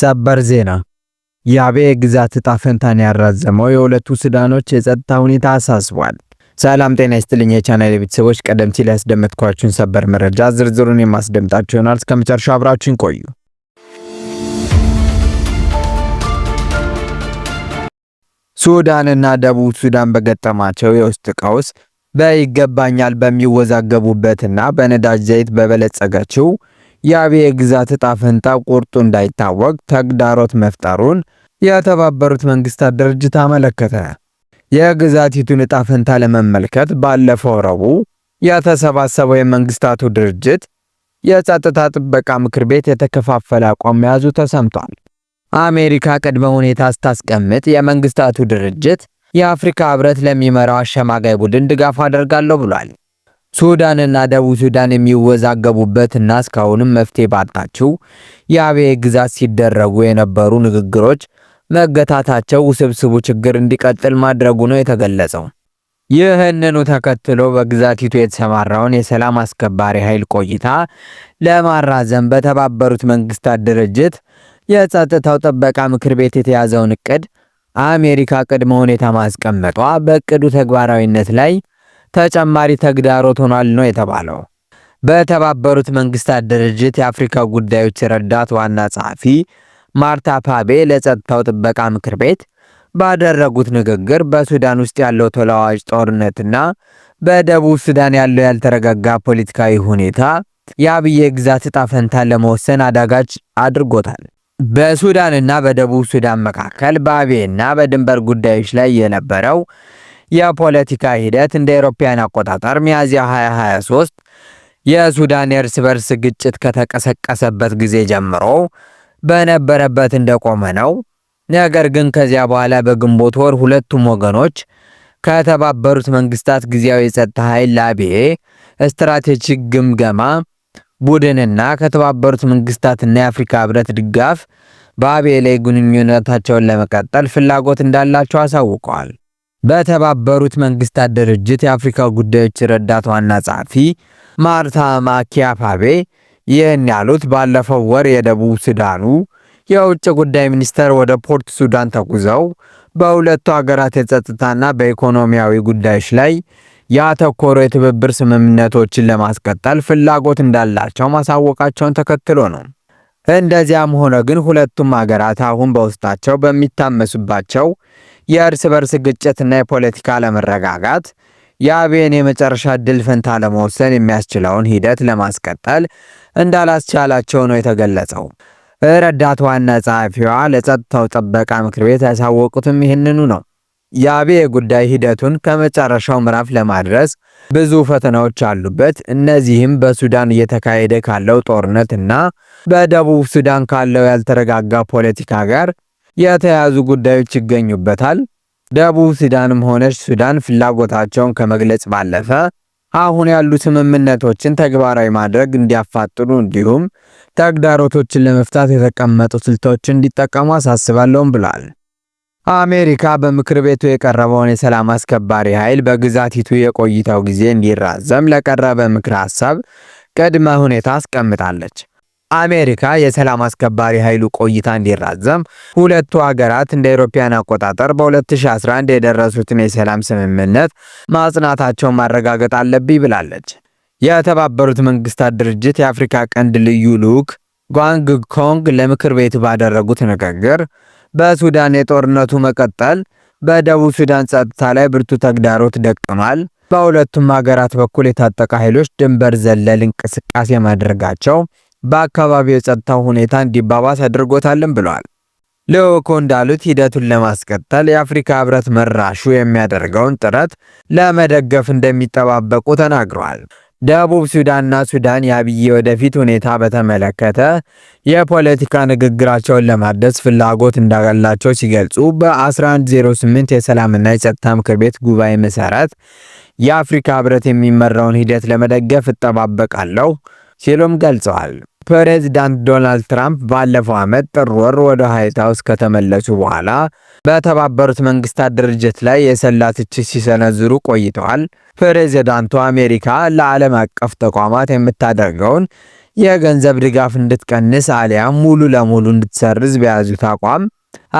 ሰበር ዜና የአቤ ግዛት ዕጣ ፈንታን ያራዘመው የሁለቱ ሱዳኖች የጸጥታ ሁኔታ አሳስቧል። ሰላም ጤና ይስጥልኝ የቻናል ቤተሰቦች፣ ቀደም ሲል ያስደመጥኳችሁን ሰበር መረጃ ዝርዝሩን የማስደምጣችሁ ይሆናል። እስከ መጨረሻው አብራችሁን ቆዩ። ሱዳንና ደቡብ ሱዳን በገጠማቸው የውስጥ ቀውስ በይገባኛል በሚወዛገቡበትና በነዳጅ ዘይት በበለጸገችው የአብዬ ግዛት ዕጣ ፈንታ ቁርጡ እንዳይታወቅ ተግዳሮት መፍጠሩን የተባበሩት መንግስታት ድርጅት አመለከተ። የግዛቲቱን ዕጣ ፈንታ ለመመልከት ባለፈው ረቡዕ የተሰባሰበው የመንግስታቱ ድርጅት የጸጥታ ጥበቃ ምክር ቤት የተከፋፈለ አቋም መያዙ ተሰምቷል። አሜሪካ ቅድመ ሁኔታ ስታስቀምጥ የመንግስታቱ ድርጅት የአፍሪካ ህብረት ለሚመራው አሸማጋይ ቡድን ድጋፍ አደርጋለሁ ብሏል። ሱዳንና ደቡብ ሱዳን የሚወዛገቡበት እና እስካሁንም መፍትሄ ባጣችው የአብዬ ግዛት ሲደረጉ የነበሩ ንግግሮች መገታታቸው ውስብስቡ ችግር እንዲቀጥል ማድረጉ ነው የተገለጸው። ይህንኑ ተከትሎ በግዛቲቱ የተሰማራውን የሰላም አስከባሪ ኃይል ቆይታ ለማራዘም በተባበሩት መንግስታት ድርጅት የጸጥታው ጥበቃ ምክር ቤት የተያዘውን እቅድ አሜሪካ ቅድመ ሁኔታ ማስቀመጧ በእቅዱ ተግባራዊነት ላይ ተጨማሪ ተግዳሮት ሆኗል ነው የተባለው። በተባበሩት መንግስታት ድርጅት የአፍሪካ ጉዳዮች ረዳት ዋና ጸሐፊ ማርታ ፓቤ ለጸጥታው ጥበቃ ምክር ቤት ባደረጉት ንግግር በሱዳን ውስጥ ያለው ተለዋዋጭ ጦርነትና በደቡብ ሱዳን ያለው ያልተረጋጋ ፖለቲካዊ ሁኔታ የአብዬ ግዛት እጣ ፈንታን ለመወሰን አዳጋች አድርጎታል። በሱዳንና በደቡብ ሱዳን መካከል በአብዬና በድንበር ጉዳዮች ላይ የነበረው የፖለቲካ ሂደት እንደ አውሮፓውያን አቆጣጠር ሚያዝያ 2023 የሱዳን የእርስ በርስ ግጭት ከተቀሰቀሰበት ጊዜ ጀምሮ በነበረበት እንደቆመ ነው። ነገር ግን ከዚያ በኋላ በግንቦት ወር ሁለቱም ወገኖች ከተባበሩት መንግስታት ጊዜያዊ የጸጥታ ኃይል ላቢኤ ስትራቴጂክ ግምገማ ቡድንና ከተባበሩት መንግስታትና የአፍሪካ ህብረት ድጋፍ በአቢኤ ላይ ግንኙነታቸውን ለመቀጠል ፍላጎት እንዳላቸው አሳውቀዋል። በተባበሩት መንግስታት ድርጅት የአፍሪካ ጉዳዮች ረዳት ዋና ጸሐፊ ማርታ ማኪያፋቤ ይህን ያሉት ባለፈው ወር የደቡብ ሱዳኑ የውጭ ጉዳይ ሚኒስተር ወደ ፖርት ሱዳን ተጉዘው በሁለቱ ሀገራት የጸጥታና በኢኮኖሚያዊ ጉዳዮች ላይ ያተኮሩ የትብብር ስምምነቶችን ለማስቀጠል ፍላጎት እንዳላቸው ማሳወቃቸውን ተከትሎ ነው። እንደዚያም ሆነ ግን ሁለቱም ሀገራት አሁን በውስጣቸው በሚታመሱባቸው የእርስ በርስ ግጭትና የፖለቲካ አለመረጋጋት የአብን የመጨረሻ እድል ፈንታ ለመወሰን የሚያስችለውን ሂደት ለማስቀጠል እንዳላስቻላቸው ነው የተገለጸው። ረዳት ዋና ጸሐፊዋ ለጸጥታው ጥበቃ ምክር ቤት ያሳወቁትም ይህንኑ ነው። የአቤ ጉዳይ ሂደቱን ከመጨረሻው ምዕራፍ ለማድረስ ብዙ ፈተናዎች አሉበት። እነዚህም በሱዳን እየተካሄደ ካለው ጦርነት እና በደቡብ ሱዳን ካለው ያልተረጋጋ ፖለቲካ ጋር የተያዙ ጉዳዮች ይገኙበታል። ደቡብ ሱዳንም ሆነች ሱዳን ፍላጎታቸውን ከመግለጽ ባለፈ አሁን ያሉ ስምምነቶችን ተግባራዊ ማድረግ እንዲያፋጥኑ እንዲሁም ተግዳሮቶችን ለመፍታት የተቀመጡ ስልቶችን እንዲጠቀሙ አሳስባለሁም ብሏል። አሜሪካ በምክር ቤቱ የቀረበውን የሰላም አስከባሪ ኃይል በግዛቲቱ የቆይታው ጊዜ እንዲራዘም ለቀረበ ምክር ሀሳብ ቅድመ ሁኔታ አስቀምጣለች። አሜሪካ የሰላም አስከባሪ ኃይሉ ቆይታ እንዲራዘም ሁለቱ ሀገራት እንደ አውሮፓውያን አቆጣጠር በ2011 የደረሱትን የሰላም ስምምነት ማጽናታቸውን ማረጋገጥ አለብኝ ብላለች። የተባበሩት መንግስታት ድርጅት የአፍሪካ ቀንድ ልዩ ልዑክ ጓንግ ኮንግ ለምክር ቤቱ ባደረጉት ንግግር በሱዳን የጦርነቱ መቀጠል በደቡብ ሱዳን ጸጥታ ላይ ብርቱ ተግዳሮት ደቅኗል። በሁለቱም ሀገራት በኩል የታጠቀ ኃይሎች ድንበር ዘለል እንቅስቃሴ ማድረጋቸው በአካባቢው የጸጥታው ሁኔታ እንዲባባስ አድርጎታልም ብለዋል። ልዑኩ እንዳሉት ሂደቱን ለማስቀጠል የአፍሪካ ህብረት መራሹ የሚያደርገውን ጥረት ለመደገፍ እንደሚጠባበቁ ተናግረዋል። ደቡብ ሱዳንና ሱዳን የአብይ ወደፊት ሁኔታ በተመለከተ የፖለቲካ ንግግራቸውን ለማደስ ፍላጎት እንዳላቸው ሲገልጹ በ1108 የሰላምና የጸጥታ ምክር ቤት ጉባኤ መሰረት የአፍሪካ ህብረት የሚመራውን ሂደት ለመደገፍ እጠባበቃለሁ ሲሉም ገልጸዋል። ፕሬዚዳንት ዶናልድ ትራምፕ ባለፈው ዓመት ጥር ወር ወደ ዋይት ሀውስ ከተመለሱ በኋላ በተባበሩት መንግስታት ድርጅት ላይ የሰላ ትችት ሲሰነዝሩ ቆይተዋል። ፕሬዚዳንቱ አሜሪካ ለዓለም አቀፍ ተቋማት የምታደርገውን የገንዘብ ድጋፍ እንድትቀንስ አሊያም ሙሉ ለሙሉ እንድትሰርዝ በያዙት አቋም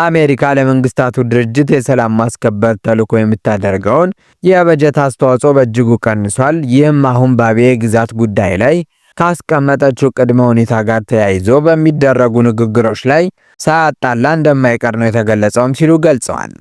አሜሪካ ለመንግስታቱ ድርጅት የሰላም ማስከበር ተልዕኮ የምታደርገውን የበጀት አስተዋጽኦ በእጅጉ ቀንሷል። ይህም አሁን በአብየ ግዛት ጉዳይ ላይ ካስቀመጠችው ቅድመ ሁኔታ ጋር ተያይዞ በሚደረጉ ንግግሮች ላይ ሳያጣላ እንደማይቀር ነው የተገለጸውም ሲሉ ገልጸዋል።